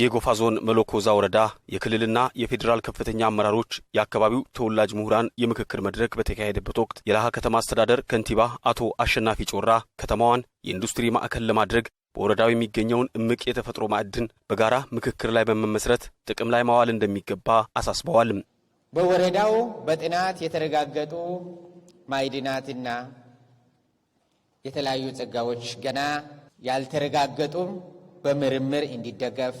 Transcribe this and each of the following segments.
የጎፋ ዞን መሎኮዛ ወረዳ የክልልና የፌዴራል ከፍተኛ አመራሮች፣ የአካባቢው ተወላጅ ምሁራን የምክክር መድረክ በተካሄደበት ወቅት የላሃ ከተማ አስተዳደር ከንቲባ አቶ አሸናፊ ጮራ ከተማዋን የኢንዱስትሪ ማዕከል ለማድረግ በወረዳው የሚገኘውን እምቅ የተፈጥሮ ማዕድን በጋራ ምክክር ላይ በመመስረት ጥቅም ላይ ማዋል እንደሚገባ አሳስበዋል። በወረዳው በጥናት የተረጋገጡ ማዕድናትና የተለያዩ ጸጋዎች ገና ያልተረጋገጡም በምርምር እንዲደገፍ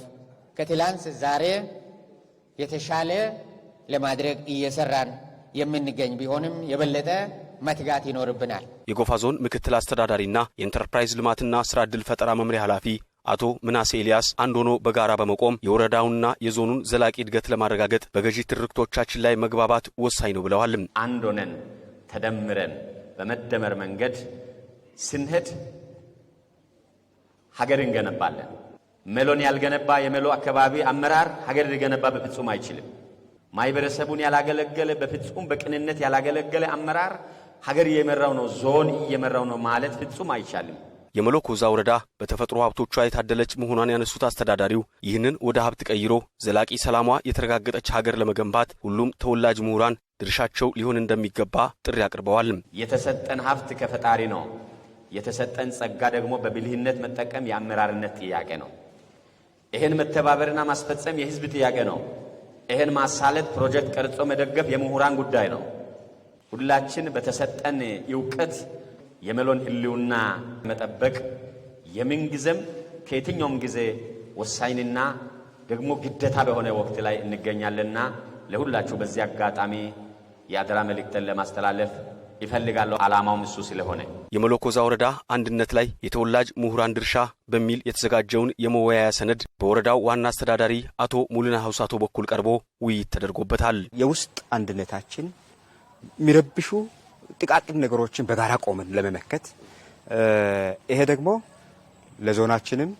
ከትላንት ዛሬ የተሻለ ለማድረግ እየሰራን የምንገኝ ቢሆንም የበለጠ መትጋት ይኖርብናል። የጎፋ ዞን ምክትል አስተዳዳሪና የኢንተርፕራይዝ ልማትና ስራ ዕድል ፈጠራ መምሪያ ኃላፊ አቶ ምናሴ ኤልያስ አንድ ሆኖ በጋራ በመቆም የወረዳውንና የዞኑን ዘላቂ እድገት ለማረጋገጥ በገዢ ትርክቶቻችን ላይ መግባባት ወሳኝ ነው ብለዋል። አንድ ሆነን ተደምረን በመደመር መንገድ ስንሄድ ሀገር እንገነባለን። መሎን ያልገነባ የመሎ አካባቢ አመራር ሀገር ሊገነባ በፍጹም አይችልም። ማህበረሰቡን ያላገለገለ በፍጹም በቅንነት ያላገለገለ አመራር ሀገር እየመራው ነው፣ ዞን እየመራው ነው ማለት ፍጹም አይቻልም። የመሎ ኮዛ ወረዳ በተፈጥሮ ሀብቶቿ የታደለች መሆኗን ያነሱት አስተዳዳሪው ይህንን ወደ ሀብት ቀይሮ ዘላቂ ሰላሟ የተረጋገጠች ሀገር ለመገንባት ሁሉም ተወላጅ ምሁራን ድርሻቸው ሊሆን እንደሚገባ ጥሪ አቅርበዋል። የተሰጠን ሀብት ከፈጣሪ ነው። የተሰጠን ጸጋ ደግሞ በብልህነት መጠቀም የአመራርነት ጥያቄ ነው። ይህን መተባበርና ማስፈጸም የህዝብ ጥያቄ ነው። ይህን ማሳለጥ ፕሮጀክት ቀርጾ መደገፍ የምሁራን ጉዳይ ነው። ሁላችን በተሰጠን እውቀት የመሎን ህልውና መጠበቅ የምንጊዜም ከየትኛውም ጊዜ ወሳኝና ደግሞ ግዴታ በሆነ ወቅት ላይ እንገኛለንና ለሁላችሁ በዚህ አጋጣሚ የአደራ መልእክተን ለማስተላለፍ ይፈልጋለሁ። አላማውም እሱ ስለሆነ የመሎኮዛ ወረዳ አንድነት ላይ የተወላጅ ምሁራን ድርሻ በሚል የተዘጋጀውን የመወያያ ሰነድ በወረዳው ዋና አስተዳዳሪ አቶ ሙሉና ሀውሳቶ በኩል ቀርቦ ውይይት ተደርጎበታል። የውስጥ አንድነታችን የሚረብሹ ጥቃቅን ነገሮችን በጋራ ቆመን ለመመከት ይሄ ደግሞ ለዞናችንም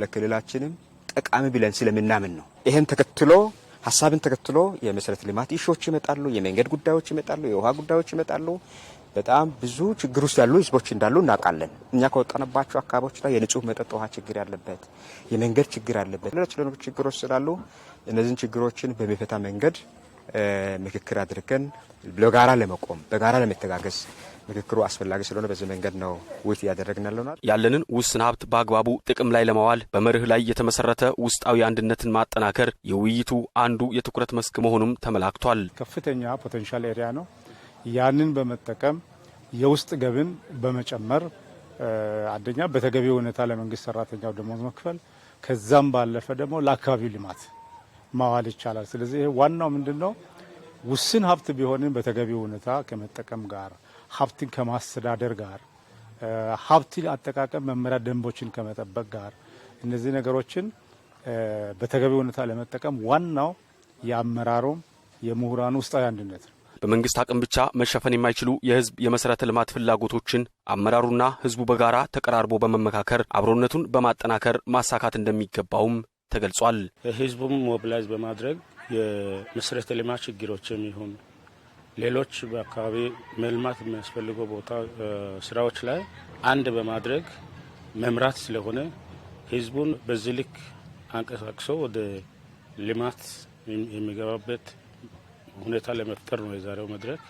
ለክልላችንም ጠቃሚ ብለን ስለምናምን ነው። ይህን ተከትሎ ሀሳብን ተከትሎ የመሰረተ ልማት ኢሹዎች ይመጣሉ፣ የመንገድ ጉዳዮች ይመጣሉ፣ የውሃ ጉዳዮች ይመጣሉ። በጣም ብዙ ችግር ውስጥ ያሉ ህዝቦች እንዳሉ እናውቃለን። እኛ ከወጣንባቸው አካባቢዎች ላይ የንጹህ መጠጥ ውሃ ችግር ያለበት፣ የመንገድ ችግር ያለበት፣ ሌሎች ችግሮች ስላሉ እነዚህን ችግሮችን በሚፈታ መንገድ ምክክር አድርገን በጋራ ለመቆም በጋራ ለመተጋገዝ ምክክሩ አስፈላጊ ስለሆነ በዚህ መንገድ ነው ውይይት እያደረግን ያለናል። ያለንን ውስን ሀብት በአግባቡ ጥቅም ላይ ለማዋል በመርህ ላይ የተመሰረተ ውስጣዊ አንድነትን ማጠናከር የውይይቱ አንዱ የትኩረት መስክ መሆኑም ተመላክቷል። ከፍተኛ ፖቴንሻል ኤሪያ ነው። ያንን በመጠቀም የውስጥ ገብን በመጨመር አንደኛ በተገቢ ሁኔታ ለመንግስት ሰራተኛው ደሞዝ መክፈል ከዛም ባለፈ ደግሞ ለአካባቢው ልማት ማዋል ይቻላል። ስለዚህ ይሄ ዋናው ምንድን ነው ውስን ሀብት ቢሆንም በተገቢው ሁኔታ ከመጠቀም ጋር ሀብትን ከማስተዳደር ጋር ሀብትን አጠቃቀም መመሪያ ደንቦችን ከመጠበቅ ጋር እነዚህ ነገሮችን በተገቢ ሁኔታ ለመጠቀም ዋናው የአመራሩም የምሁራኑ ውስጣዊ አንድነት ነው። በመንግስት አቅም ብቻ መሸፈን የማይችሉ የህዝብ የመሰረተ ልማት ፍላጎቶችን አመራሩና ህዝቡ በጋራ ተቀራርቦ በመመካከር አብሮነቱን በማጠናከር ማሳካት እንደሚገባውም ተገልጿል። ህዝቡም ሞቢላይዝ በማድረግ የመሰረተ ልማት ችግሮችም ይሁን ሌሎች በአካባቢ መልማት የሚያስፈልገው ቦታ ስራዎች ላይ አንድ በማድረግ መምራት ስለሆነ ህዝቡን በዚህ ልክ አንቀሳቅሶ ወደ ልማት የሚገባበት ሁኔታ ለመፍጠር ነው የዛሬው መድረክ።